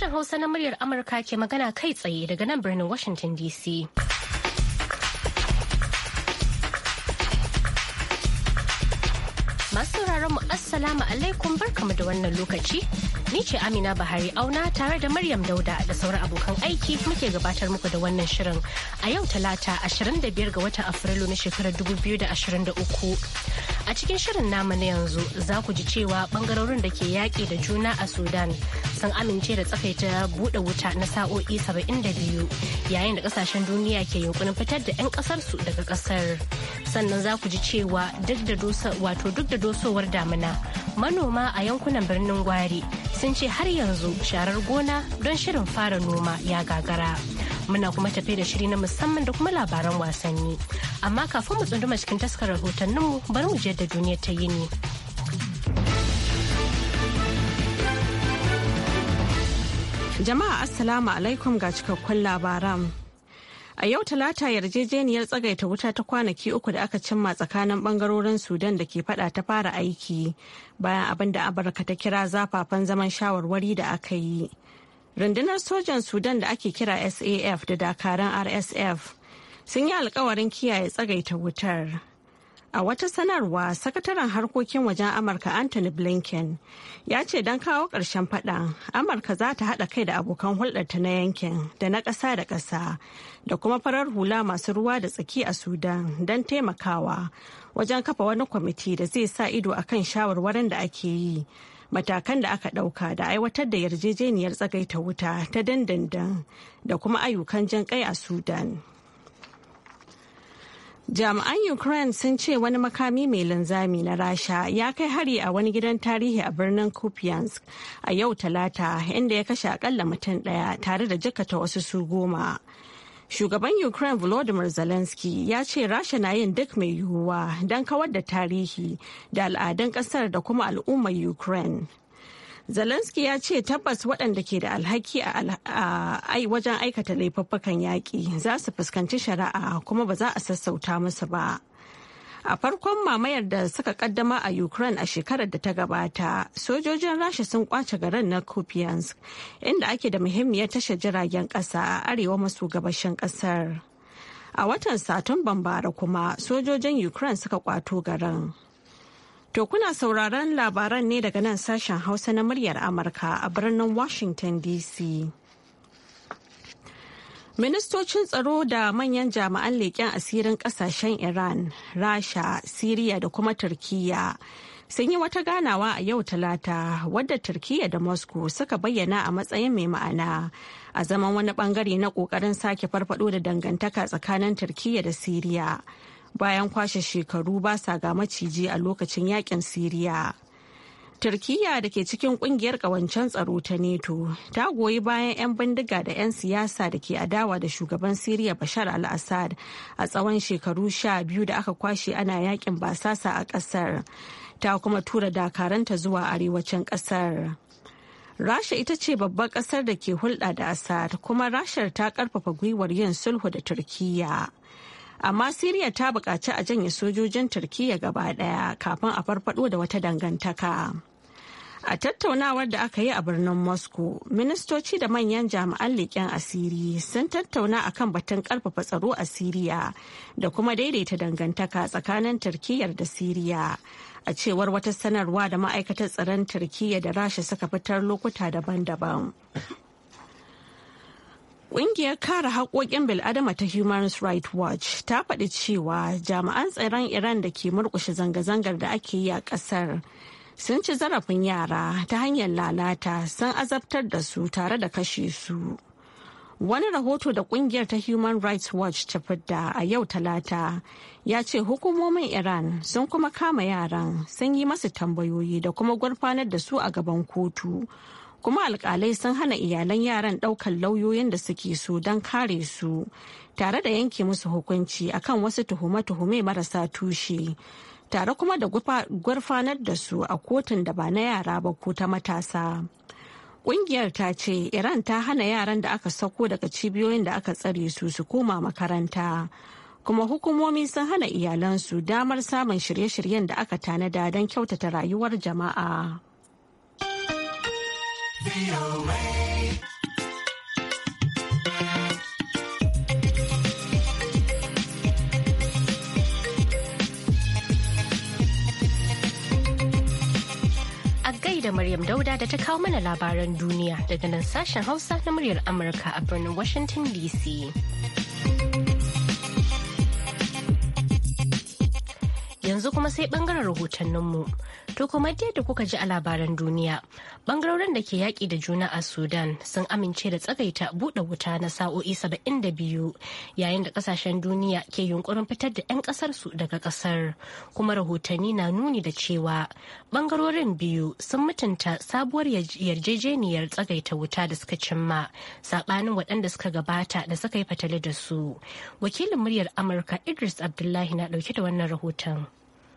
Sashen Hausa na muryar Amurka ke magana kai tsaye daga nan birnin Washington DC. Masu sauraron mu Assalamu alaikum barkamu da wannan lokaci. Ni ce Amina Bahari Auna tare da Maryam Dauda da sauran abokan aiki muke gabatar muku da wannan shirin a yau talata 25 ga watan Afrilu na shekarar 2023. A cikin shirin namu na yanzu za ku ji cewa bangarorin da ke yaƙi da juna a Sudan sun amince da tsakaita buɗe wuta na sa'o'i 72 yayin da ƙasashen duniya ke yunkurin fitar da 'yan ƙasarsu daga ƙasar. Sannan za ku ji cewa duk da wato duk da dosowar damina manoma a yankunan birnin Gwari sun ce har yanzu sharar gona don shirin fara noma ya gagara. muna kuma tafi da shiri na musamman da kuma labaran wasanni amma kafin mu tsunduma cikin taskar rahotanninmu bari mu je da duniya ta yi ne. jama'a assalamu alaikum ga cikakkun labaran A yau talata yarjejeniyar tsagaita wuta ta kwanaki uku da aka cimma tsakanin bangarorin Sudan da ke fada ta fara aiki bayan abin da Amurka ta kira zafafan zaman shawarwari da aka yi. rundunar sojan sudan da ake kira saf da dakaran rsf sun yi alkawarin kiyaye tsagaita wutar a wata sanarwa sakataren harkokin wajen amurka anthony blinken ya ce don kawo ƙarshen faɗan amurka za ta haɗa kai da abokan hulɗarta na yankin da na ƙasa da ƙasa da kuma farar hula masu ruwa da tsaki a sudan don taimakawa wajen kafa wani kwamiti da zai sa ido a kan shawarwarin da ake yi matakan da aka ɗauka da aiwatar da yarjejeniyar tsagaita wuta ta dandandan da kuma ayyukan jan kai a sudan jami'an ukraine sun ce wani makami mai linzami na rasha ya kai hari a wani gidan tarihi a birnin kupiansk a yau talata inda ya kashe akalla mutum daya tare da jikata wasu su goma Shugaban Ukraine Volodymyr Zelensky ya ce Rasha na yin duk mai yiwuwa don kawar da tarihi da al'adun kasar da kuma al'ummar Ukraine. Zelensky ya ce tabbas waɗanda ke da alhaki a wajen aikata laifuffukan yaƙi za su fuskanci shari'a kuma ba za a sassauta musu ba. A farkon mamayar da suka kaddama a Ukraine a shekarar da ta gabata, sojojin Rasha sun kwace garin na Kupiansk, inda ake da muhimmiyar tashar jiragen kasa a arewa maso gabashin kasar, A watan Satumban bara kuma sojojin Ukraine suka kwato garin. To kuna sauraron labaran ne daga nan sashen Hausa na muryar Amurka a birnin Washington DC. Ministocin tsaro da manyan jami'an leƙen asirin ƙasashen Iran, Rasha, Siriya da kuma Turkiyya sun yi wata ganawa a yau talata wadda Turkiyya da Moscow suka bayyana a matsayin mai ma'ana a zaman wani bangare na ƙoƙarin sake farfado da dangantaka tsakanin Turkiyya da Siriya bayan kwashe shekaru ba sa ga maciji a lokacin yakin Siriya. Turkiyya da ke cikin kungiyar kawancen tsaro ta neto ta goyi bayan 'yan bindiga da 'yan siyasa da ke adawa da shugaban Siriya Bashar al-Assad a tsawon shekaru sha biyu da aka kwashe ana yakin basasa a kasar Ta kuma tura dakaranta zuwa arewacin kasar Rasha ita ce babbar kasar da ke hulɗa da Assad kuma Rashar ta karfafa gwiwar yin sulhu da Turkiyya. Amma Siriya ta buƙaci a janye sojojin Turkiyya gaba ɗaya kafin a farfado da wata dangantaka. A tattaunawar da aka yi a birnin Moscow, ministoci da manyan jami'an leƙen asiri sun tattauna a kan batun ƙarfafa tsaro a Siriya da kuma daidaita dangantaka tsakanin Turkiyyar da Siriya. A cewar wata sanarwa da ma'aikatar tsaron Turkiyya da Rasha suka fitar lokuta daban-daban. Ƙungiyar kare haƙoƙin bil'adama ta Human Rights Watch ta faɗi cewa jami'an tsaron Iran da ke murƙushe zanga-zangar da ake yi a ƙasar. sun ci zarafin yara ta hanyar lalata sun azabtar da su tare da kashe su. Wani rahoto da kungiyar ta Human Rights Watch ta fidda a yau talata ya ce hukumomin Iran sun kuma kama yaran sun yi masu tambayoyi da kuma gurfanar da su a gaban kotu. Kuma alkalai sun hana iyalan yaran ɗaukar lauyoyin da suke so don kare su tare da yanke musu hukunci akan wasu tuhume-tuhume marasa tushe. tare kuma da gurfanar da su a kotun da ba na yara ba ko ta matasa. Ƙungiyar ta ce Iran ta hana yaran da aka sako daga cibiyoyin da aka tsare su su koma makaranta. Kuma hukumomi sun hana iyalansu damar samun shirye-shiryen da aka tanada don kyautata rayuwar jama'a. da Maryam Dauda da ta kawo mana labaran duniya daga nan sashen Hausa na muryar Amurka a birnin Washington DC. Yanzu kuma sai bangaren rahotanninmu. To kuma yadda kuka ji a labaran duniya, bangarorin da ke yaƙi da juna a Sudan sun amince da tsagaita buɗe wuta na sa'o'i saba'in da biyu yayin da ƙasashen duniya ke yunkurin fitar da 'yan ƙasarsu daga ƙasar. Kuma rahotanni na nuni da cewa bangarorin biyu sun mutunta sabuwar yarjejeniyar tsagaita wuta da suka cimma saɓanin waɗanda suka gabata da suka yi fatali da su. Wakilin muryar Amurka Idris Abdullahi na ɗauke da wannan rahoton.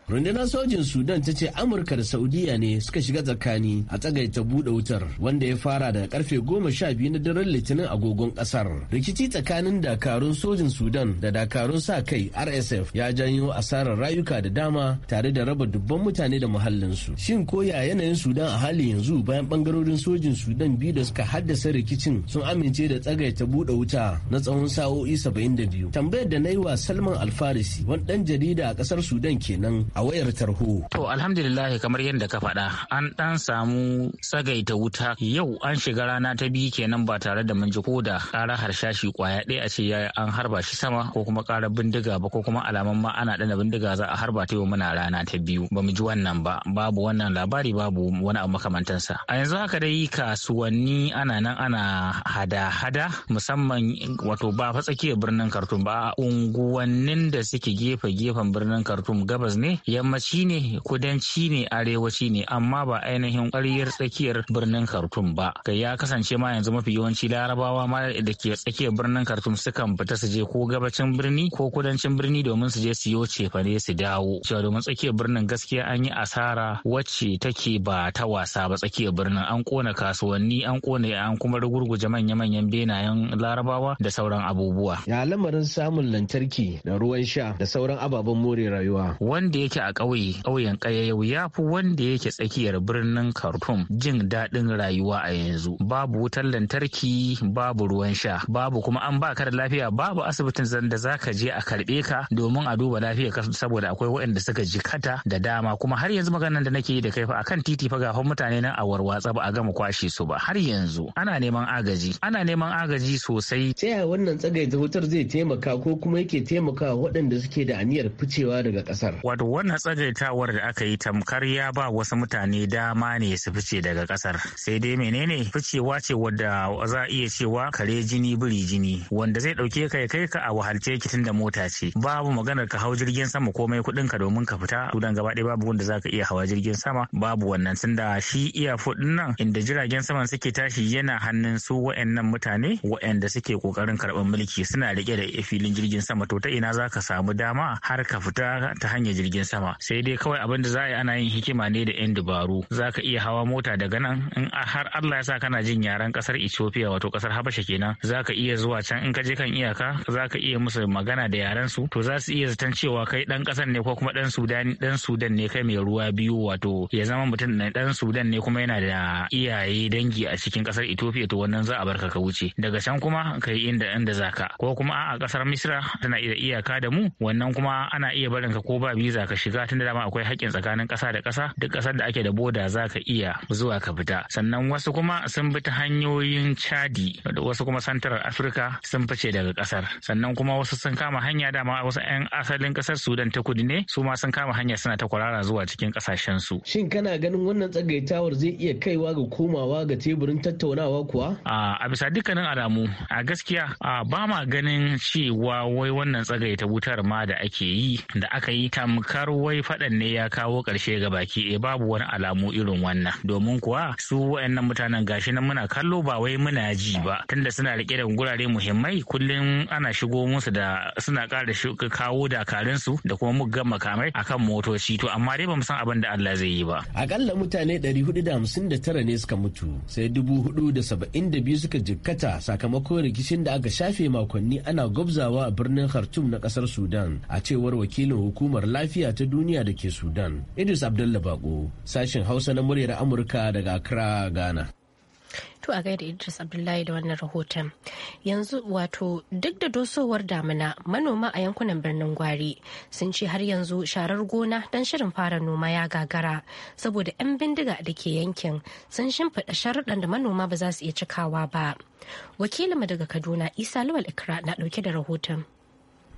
rundunar sojin sudan ta ce amurka da saudiya ne suka shiga tsakani a tsagaita buɗe wutar wanda ya fara daga karfe goma sha biyu na daren litinin agogon ƙasar rikici tsakanin dakarun sojin sudan da dakarun sa kai rsf ya janyo asarar rayuka da dama tare da raba dubban mutane da muhallinsu shin koya yanayin sudan a halin yanzu bayan bangarorin sojin sudan biyu da suka haddasa rikicin sun amince da tsagaita buɗe wuta na tsawon sa'o'i saba'in da biyu tambayar da na yi wa salman alfarisi wani ɗan jarida a ƙasar sudan kenan a wayar tarho. To alhamdulillah kamar yadda ka faɗa an ɗan samu tsagaita wuta yau an shiga rana ta biyu kenan ba tare da manji ko da ƙara harshashi kwaya ɗaya a ce an harba shi sama ko kuma ƙara bindiga ba ko kuma alaman ma ana ɗana bindiga za a harba ta yau muna rana ta biyu ba mu ji wannan ba babu wannan labari babu wani abu makamantansa. A yanzu haka dai kasuwanni ana nan ana hada-hada musamman wato ba fa tsakiyar birnin Khartoum ba unguwannin da suke gefe-gefen birnin Khartoum gabas ne yammaci ne kudanci ne arewaci ne amma ba ainihin ƙwaryar tsakiyar birnin Khartoum ba kai ya kasance ma yanzu mafi yawanci larabawa ma da ke tsakiyar birnin Khartoum sukan fita su je ko gabacin birni ko kudancin birni domin su je su yo cefane su dawo cewa domin tsakiyar birnin gaskiya an yi asara wacce take ba ta wasa ba tsakiyar birnin an kona kasuwanni an kona an kuma rugurguje manya-manyan benayen larabawa da sauran abubuwa ya lamarin samun lantarki da ruwan sha da sauran ababen more rayuwa wanda yake yake a ƙauye ƙauyen ƙayayyau ya fi wanda yake tsakiyar birnin khartoum jin daɗin rayuwa a yanzu babu wutar lantarki babu ruwan sha babu kuma an ba ka da lafiya babu asibitin zanda za ka je a karɓe ka domin a duba lafiyar ka saboda akwai waɗanda suka jikata da dama kuma har yanzu maganar da nake yi da kai fa akan titi fa gafan mutane nan a warwatsa ba a gama kwashe su ba har yanzu ana neman agaji ana neman agaji sosai ta yaya wannan tsagaita wutar zai taimaka ko kuma yake taimaka waɗanda suke da aniyar ficewa daga ƙasar wato wannan tsagaitawar da aka yi tamkar ya ba wasu mutane dama ne su fice daga kasar sai dai menene ficewa ce wadda za a iya cewa kare jini biri jini wanda zai dauke ka ya kai ka a wahalce ki da mota ce babu maganar ka hau jirgin sama komai kuɗin ka domin ka fita sudan gaba ɗaya babu wanda zaka iya hawa jirgin sama babu wannan tunda shi iya fudin nan inda jiragen saman suke tashi yana hannun su wa'annan mutane wa'anda suke kokarin karɓar mulki suna rike da filin jirgin sama to ta ina zaka samu dama har ka fita ta hanyar jirgin sama sai dai kawai abin da za a yi ana yin hikima ne da 'yan dubaru za ka iya hawa mota daga nan in har Allah ya sa kana jin yaren kasar Ethiopia wato kasar Habasha kenan za ka iya zuwa can in ka je kan iyaka za ka iya musu magana da yaren su to za su iya zaton cewa kai dan kasar ne ko kuma dan Sudan dan Sudan ne kai mai ruwa biyu wato ya zama mutum dan Sudan ne kuma yana da iyaye dangi a cikin kasar Ethiopia to wannan za a barka ka wuce daga can kuma kai inda inda zaka ko kuma a kasar Misra tana iya iyaka da mu wannan kuma ana iya barin ka ko ba visa ka shiga tun da dama akwai haƙƙin tsakanin ƙasa da ƙasa duk ƙasar da ake da boda za ka iya zuwa ka fita sannan wasu kuma sun bi ta hanyoyin chadi wasu kuma santarar afirka sun fice daga ƙasar sannan kuma wasu sun kama hanya dama wasu 'yan asalin ƙasar sudan ta kudu ne su ma sun kama hanya suna ta kwarara zuwa cikin ƙasashen su shin kana ganin wannan tsagaitawar zai iya kaiwa ga komawa ga teburin tattaunawa kuwa a bisa dukkanin alamu a gaskiya ba ma ganin cewa wai wannan tsagaita wutar ma da ake yi da aka yi tamka har wai faɗan ne ya kawo ƙarshe ga baki e babu wani alamu irin wannan domin kuwa su wayannan mutanen gashi nan muna kallo ba wai muna ji ba tunda suna rike da gurare muhimmai kullum ana shigo musu da suna ƙara kawo dakarun su da kuma muga makamai akan motoci to amma dai ba san abin da Allah zai yi ba akalla mutane 459 ne suka mutu sai 472 suka jikkata sakamakon rikicin da aka shafe makonni ana gwabzawa a birnin Khartoum na kasar Sudan a cewar wakilin hukumar lafiya ta duniya da ke Sudan. Idris Abdullah Bako, sashen Hausa na muryar Amurka daga Accra, Ghana. To a gaida Idris Abdullahi da wannan rahoton. Yanzu wato duk da dosowar damina manoma a yankunan birnin Gwari sun ce har yanzu sharar gona don shirin fara noma ya gagara saboda 'yan bindiga da ke yankin sun shimfiɗa sharuɗan da manoma ba za su iya cikawa ba. Wakilinmu daga Kaduna Isa Lawal Ikra na ɗauke da rahoton.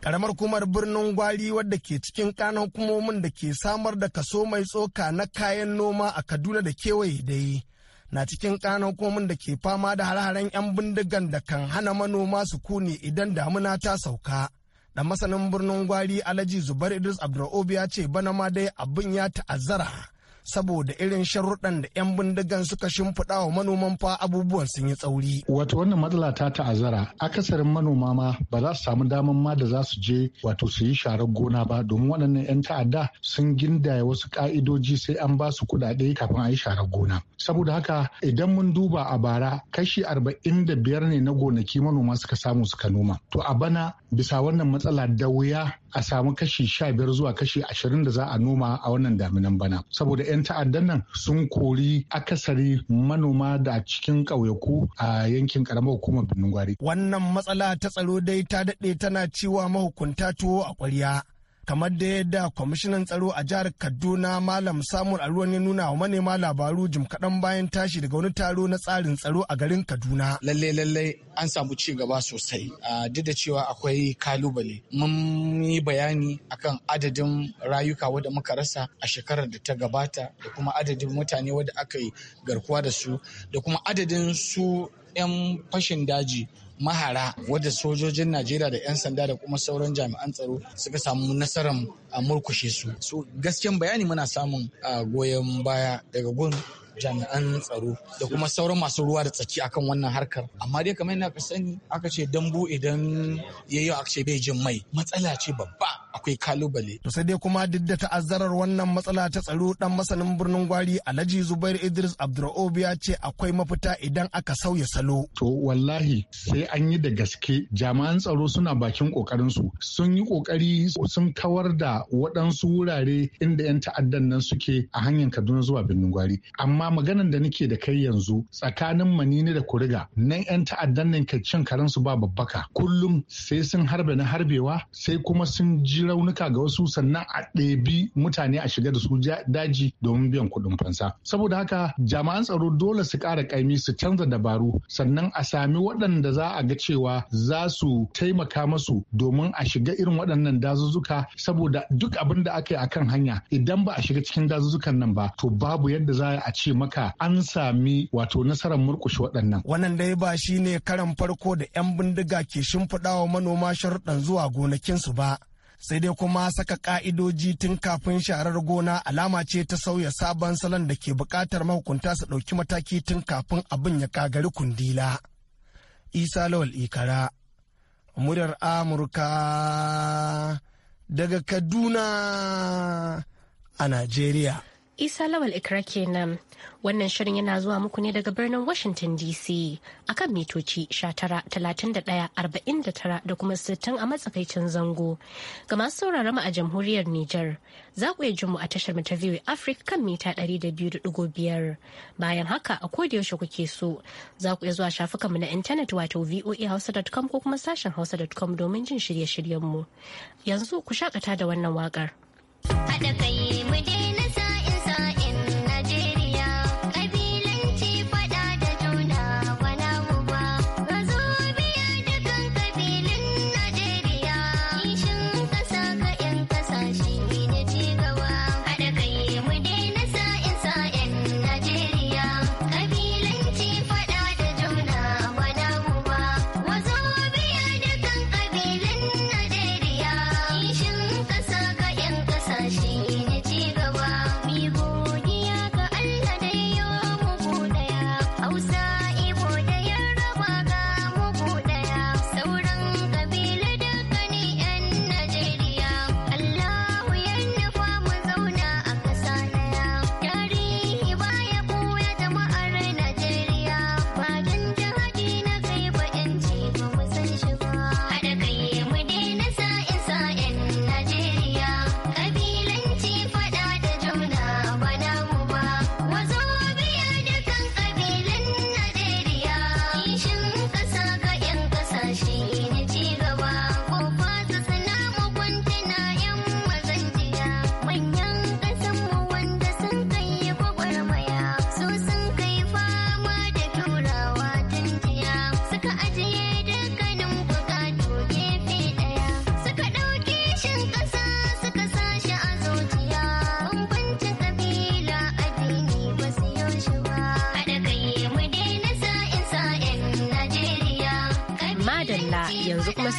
karamar kumar birnin gwari wadda ke cikin kanan hukumomin da ke samar da kaso mai tsoka na kayan noma a kaduna da kewaye da yi na cikin kanan hukumomin da ke fama da har haren 'yan bindigan da kan hana manoma su kune idan damuna ta sauka da masanin birnin gwari alhaji zubair idris abdurraobi ya ce bana ma dai abin ya ta'azzara saboda irin sharuɗan da 'yan bindigan suka shimfiɗa wa manoman fa abubuwan sun yi tsauri. Wato wannan matsala ta ta'azara akasarin manoma ma ba za su samu daman ma da za su je wato su yi sharar gona ba domin waɗannan 'yan ta'adda sun gindaya wasu ka'idoji sai an ba su kuɗaɗe kafin a yi sharar gona. Saboda haka idan mun duba a bara kashi arba'in da biyar ne na gonaki manoma suka samu suka noma. To a bana bisa wannan matsala da wuya a samu kashi sha biyar zuwa kashi ashirin da za a noma a wannan daminan bana. Saboda 'yan ta'addan nan sun kori akasari manoma da cikin ƙauyaku a yankin ƙaramar hukumar Birnin Gwari. Wannan matsala ta tsaro dai ta daɗe tana cewa mahukunta tuwo a ƙwarya. kamar da yadda kwamishinan tsaro a jihar kaduna malam samun aruwan ya nuna wa manema labaru jim kaɗan bayan tashi daga wani taro na tsarin tsaro a garin kaduna lalle lalle an samu ci gaba sosai duk da cewa akwai kalubale mun yi bayani akan adadin rayuka wadda muka rasa a shekarar da ta gabata da kuma adadin mutane wadda aka yi garkuwa da su da kuma adadin su 'yan fashin daji mahara wadda sojojin Najeriya da 'yan sanda da kuma sauran jami'an tsaro suka samu nasarar a murkushe su. So gaskiyan bayani muna samun goyon baya daga gun jami'an tsaro da kuma sauran masu ruwa da tsaki akan wannan harkar amma dai kamar yadda ka sani aka ce dambu idan yayi aka ce bai jin mai matsala ce babba akwai kalubale. To sai dai kuma duk da ta'azzarar wannan matsala ta tsaro dan masanin birnin gwari Alhaji Zubair Idris Abdurraobi ya ce akwai mafita idan aka sauya salo. To wallahi sai an yi da gaske jami'an tsaro suna bakin kokarin su sun yi kokari sun kawar da waɗansu wurare inda 'yan ta'addan nan suke a hanyar Kaduna zuwa birnin gwari amma amma maganan da nake da kai yanzu tsakanin manini da kuriga nan 'yan ta'addan nan ke cin su ba babbaka kullum sai sun harbe na harbewa sai kuma sun ji raunuka ga wasu sannan a ɗebi mutane a shiga da su daji domin biyan kuɗin fansa saboda haka jami'an tsaro dole su ƙara ƙaimi su canza dabaru sannan a sami waɗanda za a ga cewa za su taimaka masu domin a shiga irin waɗannan dazuzzuka saboda duk abin da aka yi a kan hanya idan ba a shiga cikin dazuzzukan nan ba to babu yadda za a ce maka an sami wato nasarar murkushe waɗannan. Wannan dai ba shi ne karan farko da 'yan bindiga ke shimfiɗawa manoma sharuɗan zuwa gonakinsu ba. sai dai kuma saka ƙa'idoji tun kafin sharar gona alama ce ta sauya sabon salon da ke buƙatar mahukunta su ɗauki mataki tun kafin abin ya kagari kundila. Isa Lawal Ikara, muryar Amurka daga Kaduna a Najeriya. Isa Lawal Ikra kenan. Wannan shirin yana zuwa muku ne daga birnin Washington DC a kan mitoci talatin da kuma 60 a matsakaicin zango. Ga masu sauraron mu a jamhuriyar Nijar, za ku iya jin mu a tashar mu ta VOA Africa kan mita 200.5. Bayan haka a koda yaushe kuke so, za ku iya zuwa shafukan mu na intanet wato voahausa.com ko kuma sashen hausa.com domin jin shirye-shiryen mu. Yanzu ku shakata da wannan waƙar. Haɗa kai mu daina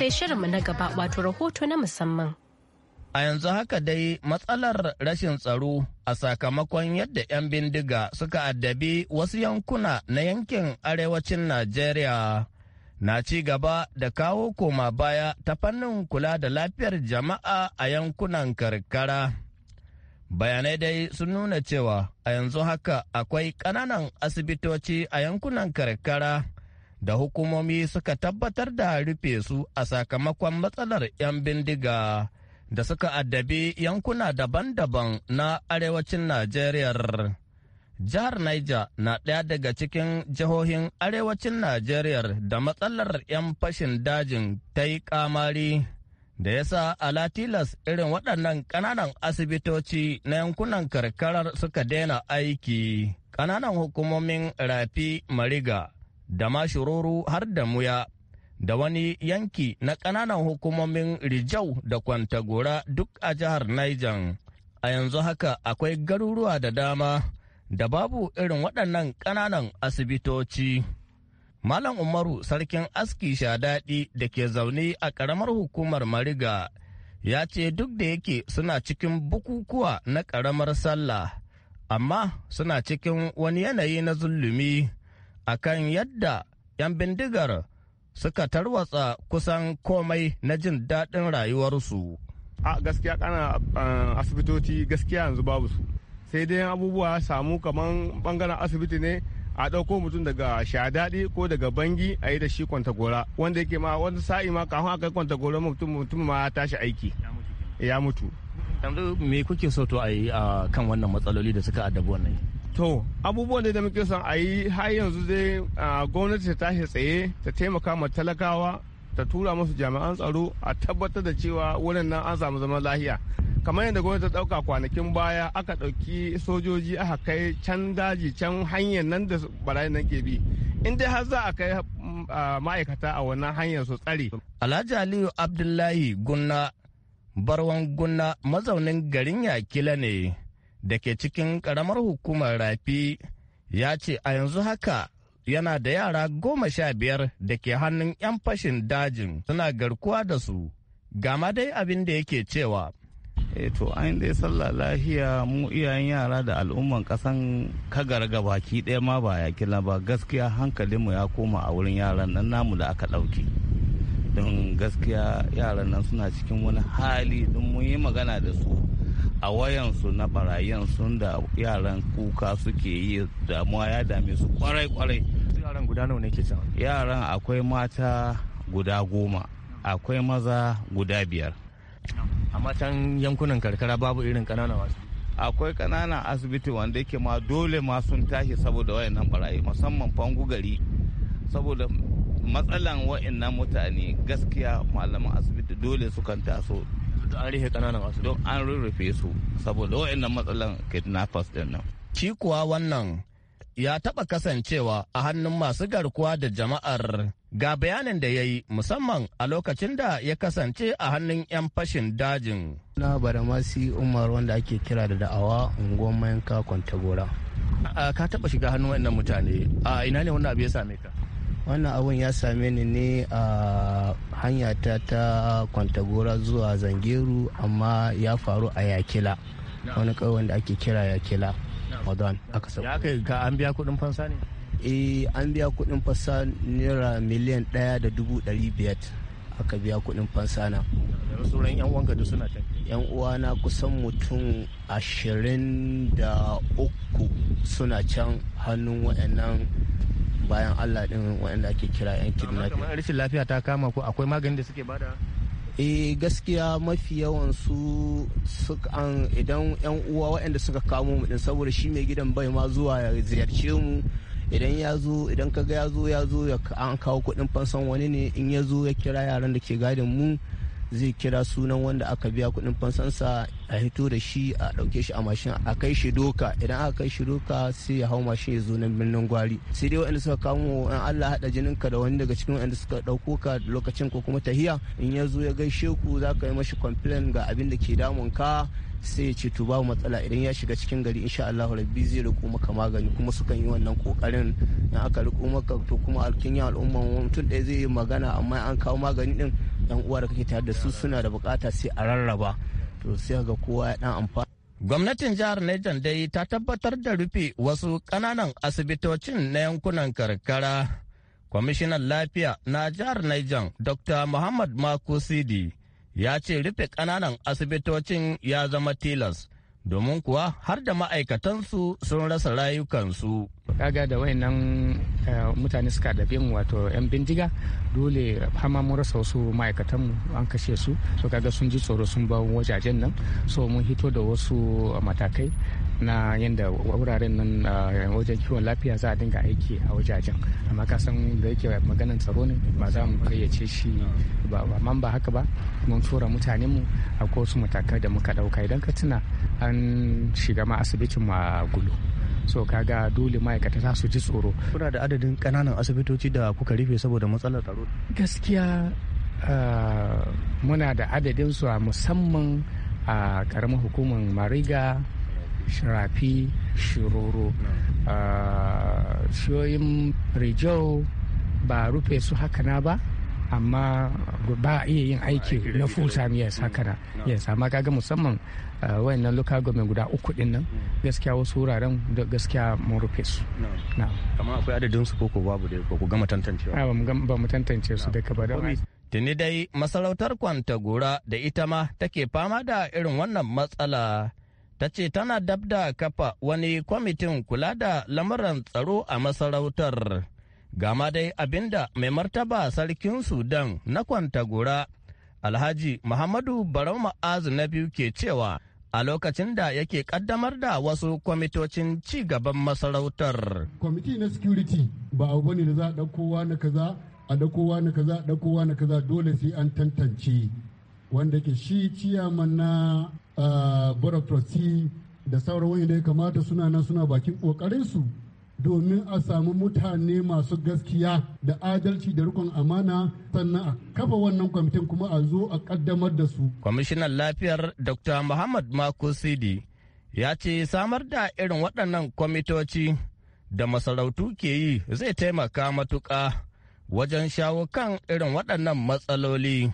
sai shirinmu na gaba wato rahoto na musamman. A yanzu haka dai matsalar rashin tsaro a sakamakon yadda 'yan bindiga suka addabi wasu yankuna na yankin arewacin Najeriya na ci gaba da kawo koma baya ta fannin kula da lafiyar jama'a a yankunan karkara. Bayanai dai sun nuna cewa a yanzu haka akwai ƙananan asibitoci a yankunan karkara. da hukumomi suka tabbatar da rufe su a sakamakon matsalar 'yan bindiga da suka addabi yankuna daban-daban na arewacin Najeriya. Jihar Niger na ɗaya daga cikin jihohin arewacin Najeriya da matsalar 'yan fashin dajin ta yi kamari da ya sa alatilas irin waɗannan ƙananan asibitoci na yankunan karkarar suka daina aiki. Ƙananan hukumomin rafi mariga da mashiroro har da muya da wani yanki na ƙananan hukumomin Rijau da Kwantagora duk a jihar Niger. A yanzu haka akwai garuruwa da dama da babu irin waɗannan ƙananan asibitoci. Malam Umaru sarkin aski shadaɗi da ke zaune a ƙaramar hukumar Mariga ya ce duk da yake suna cikin bukukuwa na ƙaramar sallah, amma suna cikin wani yanayi na zulumi. akan yadda 'yan bindigar suka tarwatsa kusan komai na jin daɗin rayuwarsu. A gaskiya kana eh, asibitoci gaskiya yanzu babu su. Sai dai abubuwa samu kamar bangaren asibiti ne a ɗauko mutum daga shadaɗi ko daga bangi a yi da shi kwantagora wanda yake ma wani sa'i ma kafin a kai kwantagora mutum mutum ma ya tashi aiki ya mutu. Yanzu me kuke so to a yi kan wannan matsaloli da suka addabi wannan? to abubuwan da muke son a yi har yanzu dai gwamnati ta tashi tsaye ta taimaka ma talakawa ta tura musu jami'an tsaro a tabbatar da cewa wurin nan an samu zaman lafiya kamar yadda gwamnati ta ɗauka kwanakin baya aka ɗauki sojoji aka kai can daji can hanyar nan da barayin nan ke bi in dai har za a kai ma'aikata a wannan hanyar su tsare. alhaji aliyu abdullahi gunna barwan gunna mazaunin garin yakila ne da ke cikin karamar hukumar rafi ya ce a yanzu haka yana da yara goma sha biyar da ke hannun 'yan fashin dajin suna garkuwa da su gama dai abin da yake cewa e to an dai sallah lahiya mu iyayen yara da al'umman kasan kagar baki ɗaya ma ba ya kila ba gaskiya hankalinmu ya koma a wurin yaran nan namu da aka ɗauki don gaskiya yaran nan suna cikin wani hali don mun yi magana da su a wayansu na barayin sun da yaran kuka suke yi damuwa ya dame su kwarai kwarai yaran guda nawa ne ke can yaran akwai mata guda goma akwai maza guda biyar a matan yankunan karkara babu irin kananan wasu akwai kananan asibiti wanda yake ma dole ma sun tashi saboda wayannan barayi musamman fangu gari saboda matsalan wayannan mutane gaskiya malaman asibiti dole sukan taso an rufe kananan wasu don an rurrufe su saboda wa'annan matsalan kidnappers din nan. Ki kuwa wannan ya taɓa kasancewa a hannun masu garkuwa da jama'ar ga bayanin da ya yi musamman a lokacin da ya kasance a hannun 'yan fashin dajin. Na masu Umar wanda ake kira da da'awa unguwar mayanka Kwantagora. Ka taɓa shiga hannun wannan mutane a ina ne wanda abu ya same ka? wannan abun ya same ni ne a hanyata ta kwantagora zuwa zangeru amma ya faru a yakila wani kawai da ake kira yakila modern aka sauka ya kai ka an biya kudin fansa ne eh an biya kudin fansa naira miliyan ɗaya da dubu ɗari biyar aka biya kudin fansa na sauran yan uwan gado suna can yan uwana kusan mutum ashirin da uku suna can hannun waɗannan bayan allah din waɗanda ake kira yan kidnapping Amma rashin lafiya ta kama ko akwai magani da suke bada eh gaskiya mafi yawan su an idan yan uwa waɗanda suka kamo mu din saboda shi mai gidan bai ma zuwa ya ziyarce mu idan ya zo idan kaga ya zo ya zo an kawo kuɗin fansan wani ne in ya zo ya kira yaran da ke gadin mu zai kira sunan wanda aka biya kudin fansansa a hito da shi a dauke shi a mashin a kai shi doka idan aka kai shi doka sai ya hau mashin ya zo nan birnin gwari sai dai wanda suka kamo an Allah hada jinin ka da wani daga cikin waɗanda suka dauko ka lokacin ko kuma tahiya in ya zo ya gaishe ku za ka yi mashi complain ga abin da ke damun ka sai ya ce to babu matsala idan ya shiga cikin gari insha Allah rabbi zai riko maka magani kuma sukan yi wannan kokarin in aka riko maka to kuma alkinya al'umma mutum ɗaya zai yi magana amma an kawo magani din yan uwa da kake tare da su suna da bukata sai a rarraba to sai ga kowa ya dan amfana Gwamnatin jihar Niger dai ta tabbatar da rufe wasu ƙananan asibitocin na yankunan karkara. Kwamishinan lafiya na jihar Niger Dr. Muhammad Makusidi ya ce rufe ƙananan asibitocin ya zama tilas domin kuwa har da ma'aikatansu sun rasa rayukansu. kaga da nan eh, mutane suka dabin mu wato 'yan bindiga dole hama mu rasa wasu ma'aikatan mu an kashe su so kaga sun ji tsoro sun ba wajajen nan so mun hito da wasu matakai na yadda wuraren nan wajen kiwon lafiya za a dinga aiki a wajajen amma ka san da yake maganan tsaro ne ba za mu fayyace shi ba amma ba haka ba mun tura mutanen mu a kosu matakai da muka dauka idan ka tuna an shiga ma asibitin ma gulu so kaga dole ma'aikata za su ji tsoro kuna da adadin kananan asibitoci da kuka rufe saboda matsalar tsaro gaskiya muna da adadin su a musamman a karamar hukumar mariga shirafi shiroro ah, shiyoyin rijau ba rufe su hakana ba amma ba a iya yin aiki na full time yes haka na mm, yes amma kaga musamman ah, wayannan local government guda uku din nan mm. gaskiya wasu wuraren da gaskiya mun rufe su na amma akwai adadin su ko babu da ko gama tantancewa ah, ba mu tantance su da ba da tuni dai masarautar kwanta gora da ita ma take fama da irin wannan matsala ta ce tana dab da kafa wani kwamitin kula da lamuran tsaro a masarautar. Gama dai abinda mai martaba sarkin Sudan na Kwantagora Alhaji Muhammadu Barau na biyu ke cewa a lokacin da yake kaddamar da wasu kwamitocin ci gaban masarautar. Kwamiti na security ba abu bane da za a ɗaukowa na kaza a ɗaukowa na kaza a ɗaukowa na kaza dole sai an tantance wanda ke shi ciyaman na board of da sauran wani da ya kamata suna nan suna bakin su domin a samu mutane masu gaskiya da adalci da rikon amana sannan a kafa wannan kwamitin kuma a zo a ƙaddamar da su. Kwamishinan lafiyar Dr. Muhammad Mako Sidi ya ce samar da irin waɗannan kwamitoci da masarautu ke yi zai taimaka matuƙa wajen shawo kan irin waɗannan matsaloli.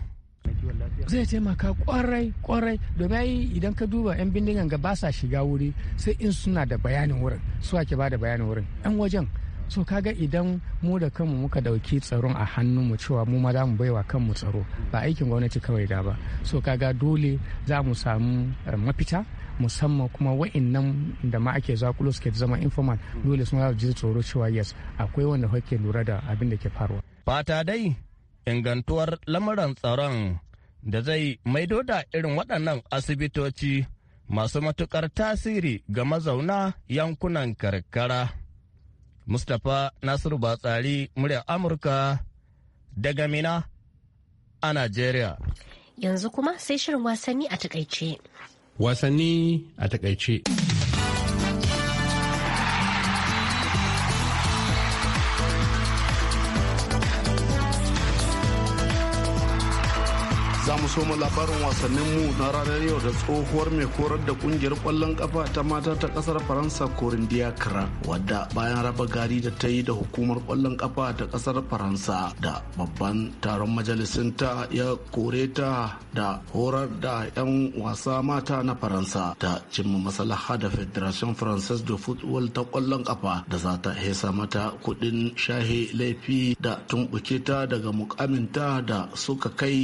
zai taimaka kwarai kwarai da bayi idan ka duba yan bindigan ga ba sa shiga wuri sai in suna da bayanin wurin su ake ba da bayanin wurin yan wajen so kaga idan mu da kanmu muka dauki tsaron a hannunmu cewa mu ma za mu baiwa kanmu tsaro ba aikin gwamnati kawai da ba so kaga dole za mu samu eh, mafita musamman kuma wa'annan da ma ake zakulo suke zama informal dole sun za ji tsoro cewa yes akwai wanda kake lura da abin da ke faruwa fata dai ingantuwar lamuran tsaron da zai maido da irin waɗannan asibitoci masu matuƙar tasiri ga mazauna yankunan karkara. Mustapha Nasiru Batsari murya Amurka daga Mina a Najeriya. Yanzu kuma sai shirin wasanni a takaice. Wasanni a takaice. soma labarin wasannin mu na ranar yau da tsohuwar mai korar da kungiyar kwallon kafa ta mata ta kasar faransa korindiya diakra wadda bayan raba gari da ta yi da hukumar kwallon kafa ta kasar faransa da babban taron majalisin ta ya kore ta da horar da 'yan wasa mata na faransa ta cimma maslaha da federation francais de football ta kwallon kafa da za ta hesa mata kudin shahe laifi da tumbuke ta daga ta da suka kai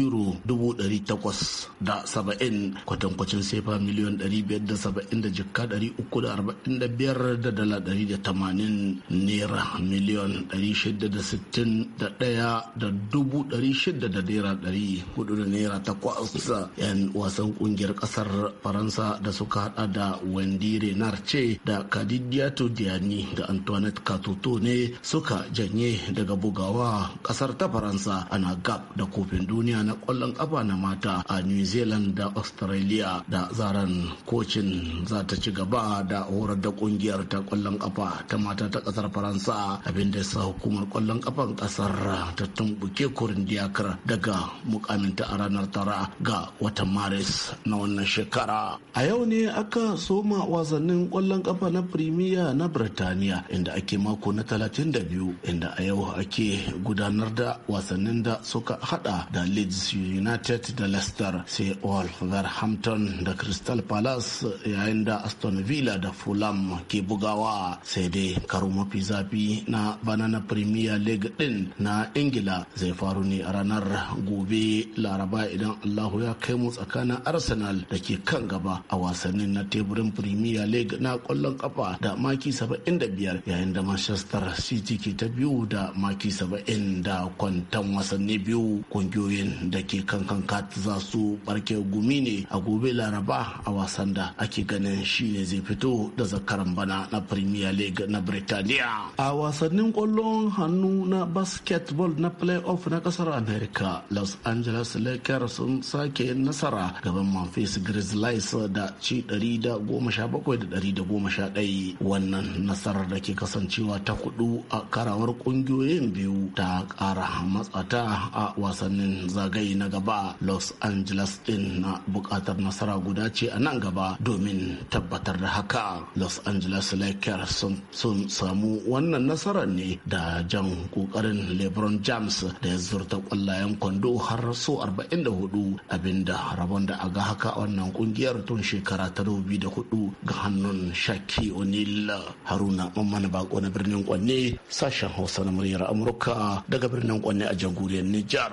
euro dubu takwas da saba'in kwatankwacin sefa miliyon ɗari biyar da saba'in da jikka 345 uku da arba'in da biyar da dala 180 da tamanin naira miliyon 661 shida da sittin da ɗaya da dubu 600 shida da naira dari hudu da naira takwas yan wasan ƙungiyar ƙasar faransa da suka hada da wendy renard ce da kadidiato diani da antoinette katoto ne suka janye daga bugawa ƙasar ta faransa ana gab da kofin duniya na ƙwallon kafa na mata a new zealand da australia da zaren kocin za ta ci gaba da horar da kungiyar ta kwallon kafa ta mata ta kasar faransa abinda ya sa hukumar kwallon kafan kasar ta tumbuke kurin diyakar daga mukaminta a ranar tara ga watan maris na wannan shekara a yau ne aka soma wasannin kwallon kafa na premier na birtaniya inda ake mako na 32 inda a yau ake gudanar da wasannin da suka hada da leeds united united da leicester sai wolverhampton da crystal palace yayin da aston villa da fulham ke bugawa sai dai karo mafi zafi na banana premier league din na ingila zai faru ne a ranar gobe laraba idan allahu ya kai mu tsakanin arsenal da ke kan gaba a wasannin na teburin premier league na kwallon kafa da maki 75 yayin da manchester city ke ta biyu da maki 70 da kwantan wasanni biyu kungiyoyin da ke kan kan kati za su barke gumi ne a gobe laraba a wasan da ake ganin shi ne zai fito da zakaran bana na premier league na birtaniya a wasannin kwallon hannu na basketball na playoff na kasar america los angeles lakers sun sake nasara gaban memphis grizzlies da ci 117-111 wannan nasarar da ke kasancewa ta kudu a karawar kungiyoyin biyu ta kara matsata a wasannin zagaye na gaba ba los angeles din na bukatar nasara guda ce a nan gaba domin tabbatar da haka los angeles lakers sun samu wannan nasarar ne da jan kokarin lebron james da ya zurta kwallayen kwando har so 44 abinda rabon da aga haka wannan kungiyar tun shekara ta hudu ga hannun shaki o'neill haruna mamman bako na birnin kwanne sashen hausa na muryar amurka daga birnin kwanne a jamhuriyar nijar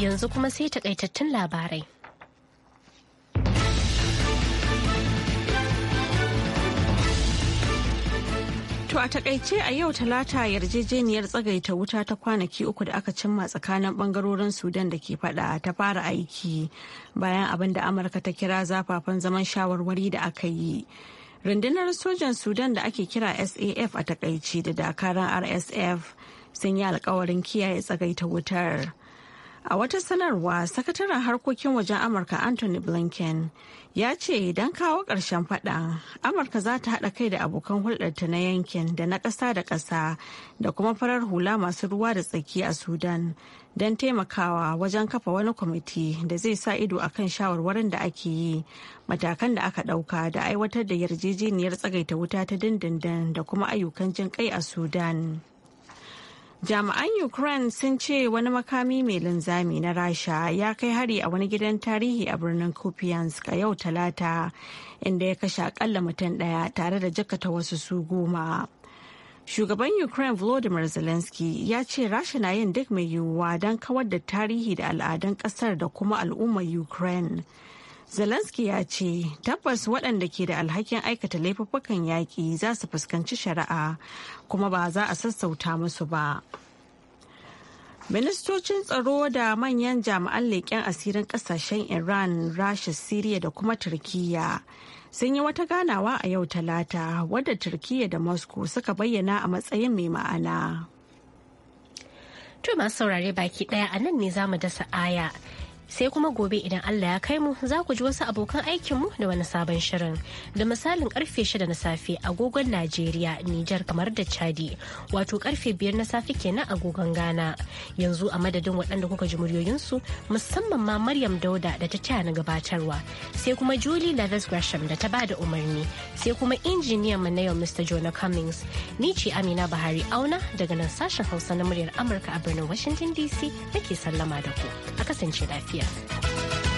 Yanzu kuma sai takaitattun labarai. To a takaice a yau talata yarjejeniyar tsagaita wuta ta kwanaki uku da aka cimma tsakanin bangarorin Sudan da ke fada ta fara aiki bayan abin da Amurka ta kira zafafan zaman shawarwari da aka yi. Rundunar sojan Sudan da ake kira SAF a takaici da dakaran RSF sun yi alkawarin kiyaye tsagaita wutar. A wata sanarwa, sakataren harkokin wajen Amurka Anthony Blinken ya ce don kawo ƙarshen faɗan, Amurka za ta haɗa kai da abokan hulɗarta na yankin da na ƙasa da ƙasa da kuma farar hula masu ruwa da tsaki a Sudan don taimakawa wajen kafa wani kwamiti da zai sa ido a kan shawarwarin da ake yi, matakan da aka ɗauka da aiwatar da yarjejeniyar tsagaita wuta ta dindindin da kuma ayyukan jin kai a Sudan. jami'an ukraine sun ce wani makami mai linzami na rasha ya kai hari a wani gidan tarihi a birnin kupiansk a yau talata inda ya kashe akalla mutum daya tare da jakata wasu su goma shugaban ukraine volodymyr zelensky ya ce rasha na yin duk mai yiwuwa don kawar da tarihi da al'adun kasar da kuma al'ummar ukraine Zelensky ya ce tabbas waɗanda ke da alhakin aikata laifuffukan yaƙi za su fuskanci shari'a kuma ba za a sassauta musu ba. Ministocin tsaro da manyan jami'an leƙen asirin ƙasashen Iran, Rasha, Siriya da kuma Turkiyya sun yi wata ganawa a yau talata wadda Turkiyya da Moscow suka bayyana a matsayin mai ma'ana. To masu saurare baki ɗaya a nan ne za mu dasa aya. sai kuma gobe idan Allah ya kai mu za ku ji wasu abokan aikinmu da wani sabon shirin da misalin karfe 6 na safe agogon Najeriya Nijar kamar da Chadi wato karfe biyar na safe kenan agogon Ghana yanzu a madadin waɗanda kuka ji muryoyinsu musamman ma Maryam Dauda da ta taya na gabatarwa sai kuma Julie Lavis Gresham da ta ba da umarni sai kuma injiniyan mu na yau Mr. Jonah Cummings ni ce Amina Bahari Auna daga nan sashen Hausa na muryar Amurka a birnin Washington DC nake sallama da ku a kasance lafiya media.